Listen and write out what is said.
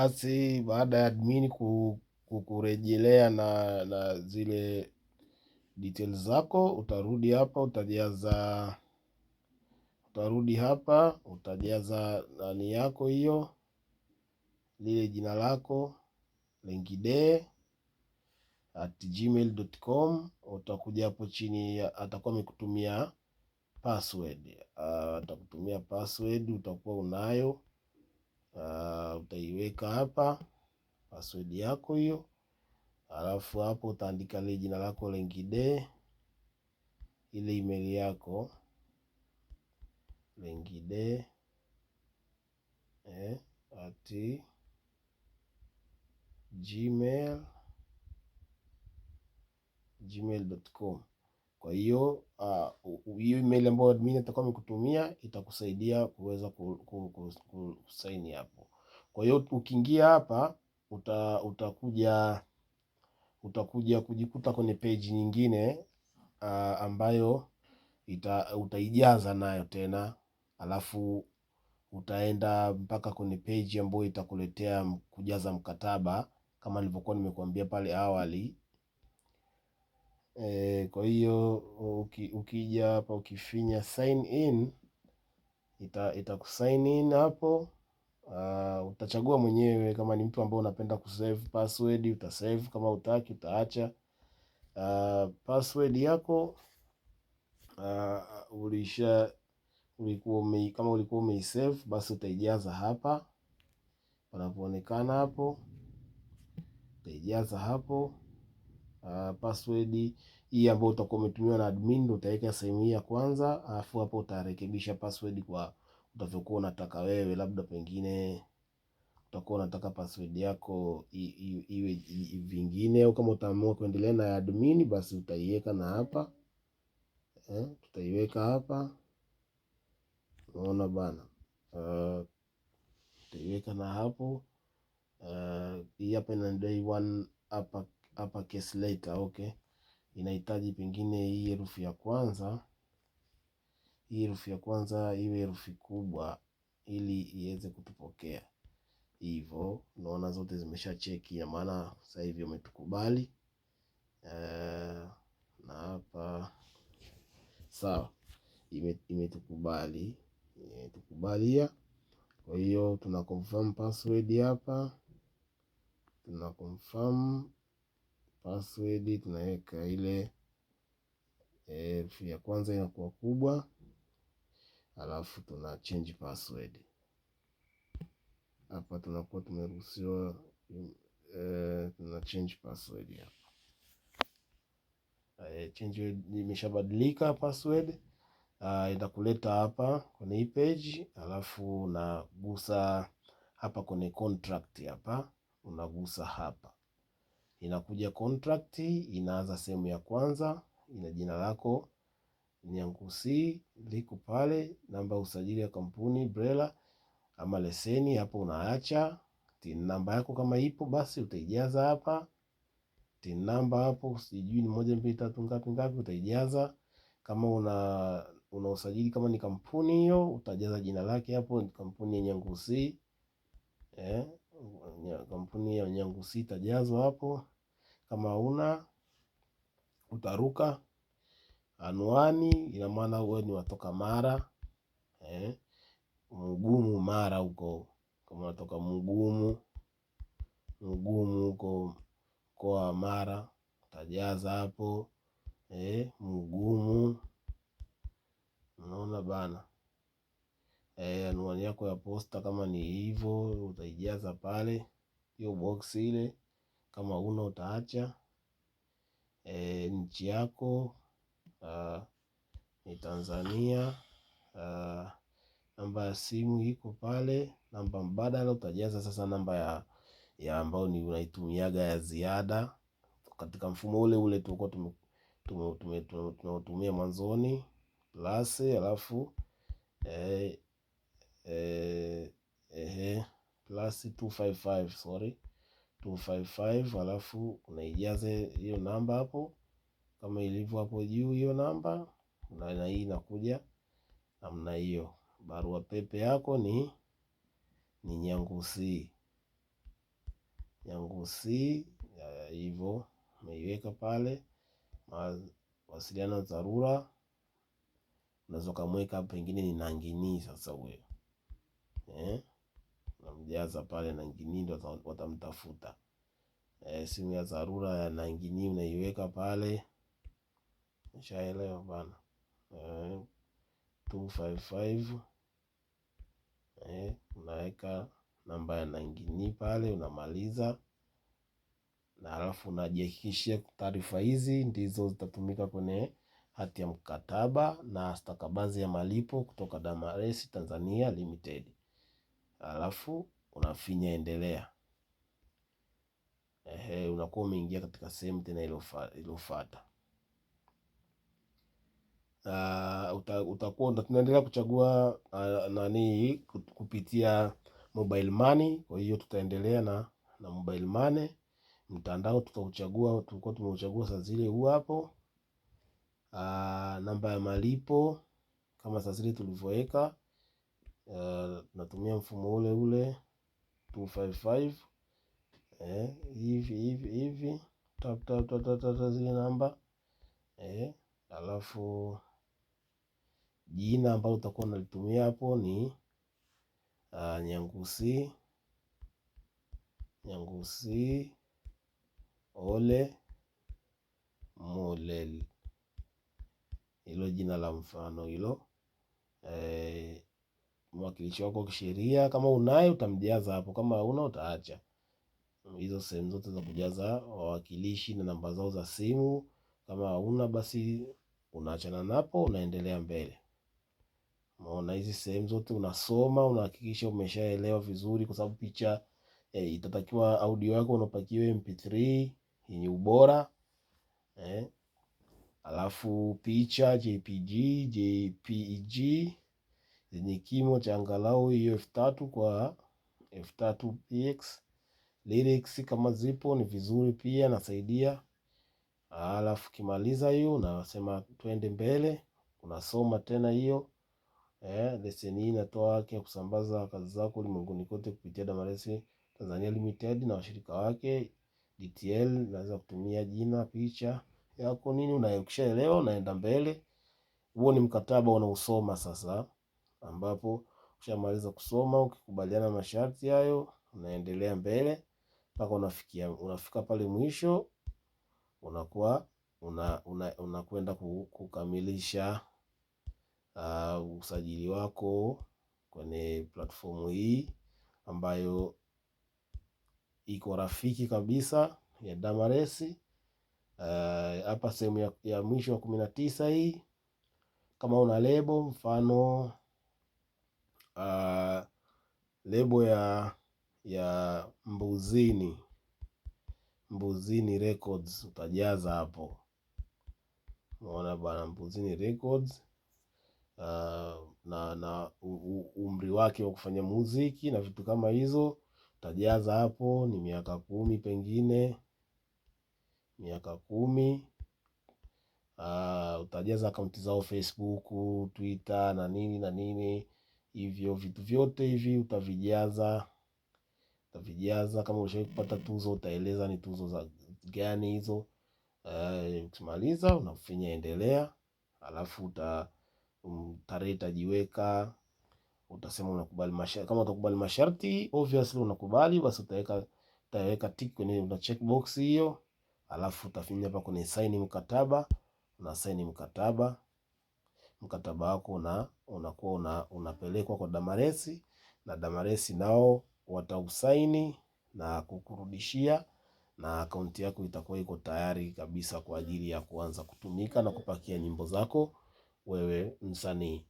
Basi baada ya admini kukurejelea na, na zile details zako utarudi hapa, utajaza utarudi hapa utajaza nani yako hiyo, lile jina lako lengide at gmail.com. Utakuja hapo chini, atakuwa amekutumia password, ah, atakutumia password, utakuwa unayo uh, utaiweka hapa password yako hiyo, alafu hapo utaandika ile jina lako lengide, ile email yako lengide eh, ati gmail gmail.com kwa hiyo ah, hiyo uh, email ambayo admin atakuwa amekutumia itakusaidia kuweza kusaini hapo. Kwa hiyo ukiingia hapa uta, utakuja utakuja kujikuta kwenye page nyingine uh, ambayo ita, utaijaza nayo tena alafu utaenda mpaka kwenye page ambayo itakuletea kujaza mkataba kama nilivyokuwa nimekuambia pale awali E, kwa hiyo ukija hapa ukifinya sign in ita, itakusign in hapo. Uh, utachagua mwenyewe kama ni mtu ambao unapenda kusave password utasave, kama utaki utaacha. Uh, password yako uh, ulisha ulikuwa ume, kama ulikuwa umeisave basi utaijaza hapa panapoonekana hapo, utaijaza hapo uh, password hii ambayo utakuwa umetumiwa na admin ndio utaweka sehemu hii ya kwanza, alafu hapo utarekebisha password kwa utavyokuwa unataka wewe, labda pengine utakuwa unataka password yako iwe vingine, au kama utaamua kuendelea na admin basi utaiweka na hapa eh, tutaiweka hapa. Unaona bana uh, tutaiweka na hapo uh, hii hapa day one hapa case letter. Okay, inahitaji pengine hii herufi ya kwanza, hii herufi ya kwanza iwe herufi kubwa ili iweze kutupokea. Hivyo naona zote zimesha cheki, ya maana sasa hivi umetukubali Uh, na hapa sawa, imetukubali ime imetukubalia. Kwa hiyo tuna confirm password hapa, tuna confirm password tunaweka ile e, ya kwanza inakuwa kubwa, alafu tuna change password. Hapa tunakuwa tumeruhusiwa e, tuna change password hapa e, change imeshabadilika password Uh, itakuleta hapa kwenye hii page, alafu unagusa hapa kwenye contract hapa, unagusa hapa Inakuja contract, inaanza sehemu ya kwanza, ina jina lako Nyangusi liko pale, namba usajili ya kampuni BRELA ama leseni, hapo unaacha TIN namba yako kama ipo basi utaijaza hapa TIN namba hapo, sijui ni moja mbili tatu ngapi ngapi, utaijaza kama una una usajili kama ni kampuni hiyo, utajaza jina lake hapo, kampuni ya Nyangusi eh, kampuni ya Nyangusi itajazwa hapo. Kama una utaruka. Anwani ina maana wewe ni watoka Mara eh, Mugumu Mara huko, kama unatoka Mugumu, Mugumu huko mkoa wa Mara utajaza hapo eh, Mugumu. Unaona bana eh, anwani yako ya posta kama ni hivyo utaijaza pale hiyo box ile kama una utaacha e, nchi yako uh, ni Tanzania uh, namba ya simu iko pale, namba mbadala utajaza sasa namba ya, ya ambayo ni unaitumiaga ya ziada katika mfumo ule ule tulikuwa tunautumia mwanzoni plus, alafu eh, eh, eh, plus 255 sorry 255 alafu unaijaza hiyo namba hapo kama ilivyo hapo juu, hiyo namba na hii inakuja namna hiyo. Barua pepe yako ni ni nyangusi nyangusi hivyo, umeiweka pale. Mawasiliano dharura, unaweza ukamweka pengine ni nangini sasa huyo eh watamjaza pale na nginini watamtafuta. E, simu ya dharura ya na unaiweka pale, nishaelewa bana. E, 255 e, unaweka namba ya nangini pale unamaliza, na alafu unajihakikishia taarifa hizi ndizo zitatumika kwenye hati ya mkataba na stakabadhi ya malipo kutoka Damaresi Tanzania Limited alafu unafinya endelea. Ehe, unakuwa umeingia katika sehemu tena iliyofuata. Uh, utakuwa tunaendelea kuchagua uh, nani kupitia mobile money. Kwa hiyo tutaendelea na, na mobile money. Mtandao tutauchagua, tulikuwa tumeuchagua saa zile huu hapo. Uh, namba ya malipo kama saa zile tulivyoweka unatumia mfumo ule ule 255 eh, hivi hivi hivi tap tap tap tap, tap zile namba eh, alafu jina ambalo utakuwa unalitumia hapo ni uh, Nyangusi Nyangusi Ole Molel, hilo jina la mfano hilo eh, mwakilishi wako kisheria. Kama unaye utamjaza hapo, kama hauna utaacha hizo sehemu zote za kujaza wawakilishi na namba zao za simu. Kama hauna basi unaachana napo, unaendelea mbele. Maona hizi sehemu zote unasoma, unahakikisha umeshaelewa vizuri, kwa sababu picha eh, itatakiwa audio yako unapakiwe MP3 yenye ubora eh, alafu picha JPG, JPEG zenye kimo cha angalau hiyo elfu tatu kwa elfu tatu px. Lyrics kama zipo ni vizuri pia, nasaidia. Alafu kimaliza hiyo unasema twende mbele, unasoma tena hiyo eh. Leseni hii inatoa haki ya kusambaza kazi zako ulimwenguni kote kupitia Damaresi Tanzania Limited na washirika wake DTL. Naweza kutumia jina, picha yako nini, ukishaelewa unaenda mbele. Huo ni mkataba unaosoma sasa ambapo ushamaliza kusoma ukikubaliana masharti hayo unaendelea mbele mpaka unafikia unafika pale mwisho unakuwa unakwenda una, una kukamilisha uh, usajili wako kwenye platformu hii ambayo iko rafiki kabisa ya Damaresi. Uh, hapa uh, sehemu ya, ya mwisho wa kumi na tisa hii, kama una lebo mfano uh, lebo ya ya Mbuzini, Mbuzini Records utajaza hapo, unaona bwana, Mbuzini Records uh, na na umri wake wa kufanya muziki na vitu kama hizo utajaza hapo, ni miaka kumi pengine miaka kumi. Uh, utajaza akaunti zao Facebook, Twitter na nini na nini Hivyo vitu vyote hivi utavijaza utavijaza kama ushawahi kupata tuzo utaeleza ni tuzo za gani hizo. Eh, ukimaliza unafinya endelea, alafu um, tarehe itajiweka, utasema unakubali masharti. Kama utakubali masharti, obviously unakubali, basi utaweka utaweka tick kwenye checkbox hiyo, alafu utafinya hapa kwenye sign mkataba, una sign mkataba mkataba wako una unakuwa una, unapelekwa kwa Damaresi na Damaresi nao watausaini na kukurudishia na akaunti yako itakuwa iko tayari kabisa kwa ajili ya kuanza kutumika na kupakia nyimbo zako wewe msanii.